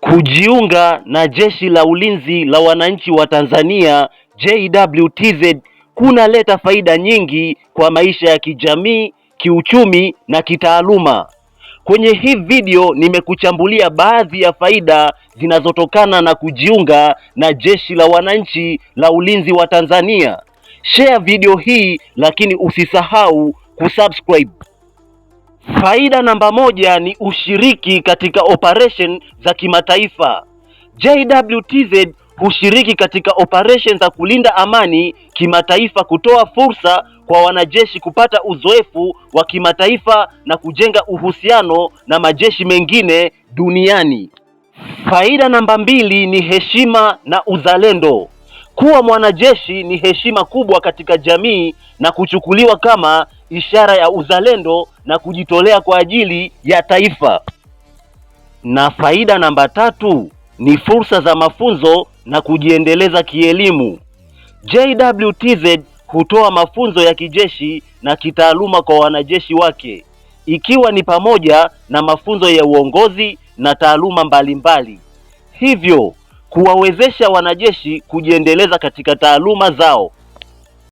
kujiunga na Jeshi la Ulinzi la Wananchi wa Tanzania JWTZ kunaleta faida nyingi kwa maisha ya kijamii, kiuchumi na kitaaluma. Kwenye hii video nimekuchambulia baadhi ya faida zinazotokana na kujiunga na Jeshi la Wananchi la Ulinzi wa Tanzania. Share video hii lakini usisahau kusubscribe. Faida namba moja ni ushiriki katika operation za kimataifa. JWTZ hushiriki katika operation za kulinda amani kimataifa, kutoa fursa kwa wanajeshi kupata uzoefu wa kimataifa na kujenga uhusiano na majeshi mengine duniani. Faida namba mbili ni heshima na uzalendo. Kuwa mwanajeshi ni heshima kubwa katika jamii na kuchukuliwa kama ishara ya uzalendo na kujitolea kwa ajili ya taifa. Na faida namba tatu ni fursa za mafunzo na kujiendeleza kielimu. JWTZ hutoa mafunzo ya kijeshi na kitaaluma kwa wanajeshi wake ikiwa ni pamoja na mafunzo ya uongozi na taaluma mbalimbali, hivyo kuwawezesha wanajeshi kujiendeleza katika taaluma zao